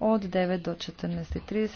od 9 do 14.30.